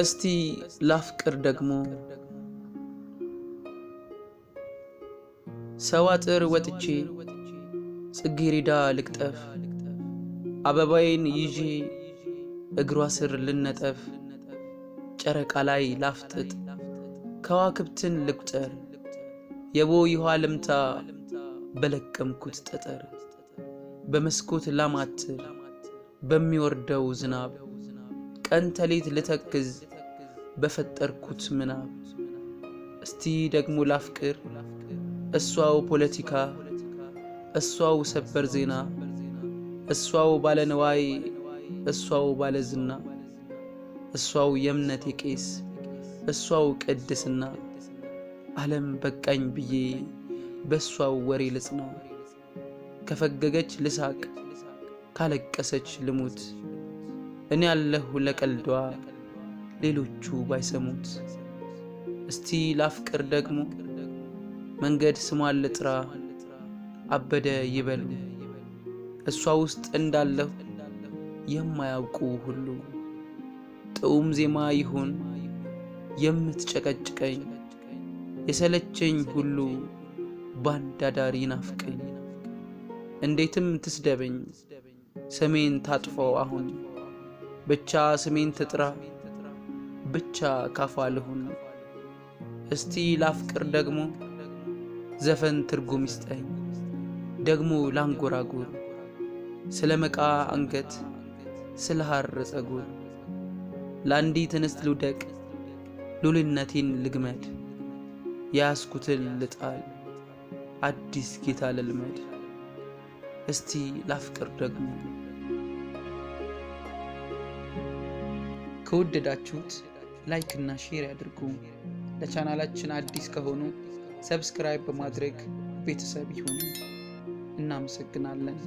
እስቲ ላፍቅር ደግሞ ሰው አጥር ወጥቼ ጽጌሬዳ ልቅጠፍ አበባዬን ይዤ እግሯ ስር ልነጠፍ ጨረቃ ላይ ላፍጥጥ ከዋክብትን ልቁጠር የቦ ይኋ ልምታ በለቀምኩት ጠጠር በመስኮት ላማትር በሚወርደው ዝናብ ቀን ተሌት ልተክዝ በፈጠርኩት ምናብ እስቲ ደግሞ ላፍቅር እሷው ፖለቲካ እሷው ሰበር ዜና እሷው ንዋይ እሷው ባለዝና እሷው የእምነቴ ቄስ እሷው ቅድስና ዓለም በቃኝ ብዬ በእሷው ወሬ ልጽና ከፈገገች ልሳቅ ካለቀሰች ልሙት እኔ ያለሁ ለቀልዷ ሌሎቹ ባይሰሙት እስቲ ላፍቅር ደግሞ መንገድ ስሟን ልጥራ አበደ ይበሉ እሷ ውስጥ እንዳለሁ የማያውቁ ሁሉ ጥዑም ዜማ ይሁን የምትጨቀጭቀኝ የሰለቸኝ ሁሉ ባንዳዳሪ አዳር ይናፍቀኝ እንዴትም ትስደበኝ ሰሜን ታጥፎ አሁን ብቻ ስሜን ትጥራ፣ ብቻ ካፏ ልሁን። እስቲ ላፍቅር ደግሞ ዘፈን ትርጉም ይስጠኝ ደግሞ ላንጎራጉር ስለ መቃ አንገት ስለ ሐር ጸጉር ለአንዲት እንስት ልውደቅ ሉልነቴን ልግመድ ያስኩትን ልጣል አዲስ ጌታ ልልመድ እስቲ ላፍቅር ደግሞ ከወደዳችሁት ላይክ እና ሼር ያድርጉ። ለቻናላችን አዲስ ከሆኑ ሰብስክራይብ በማድረግ ቤተሰብ ይሁኑ። እናመሰግናለን።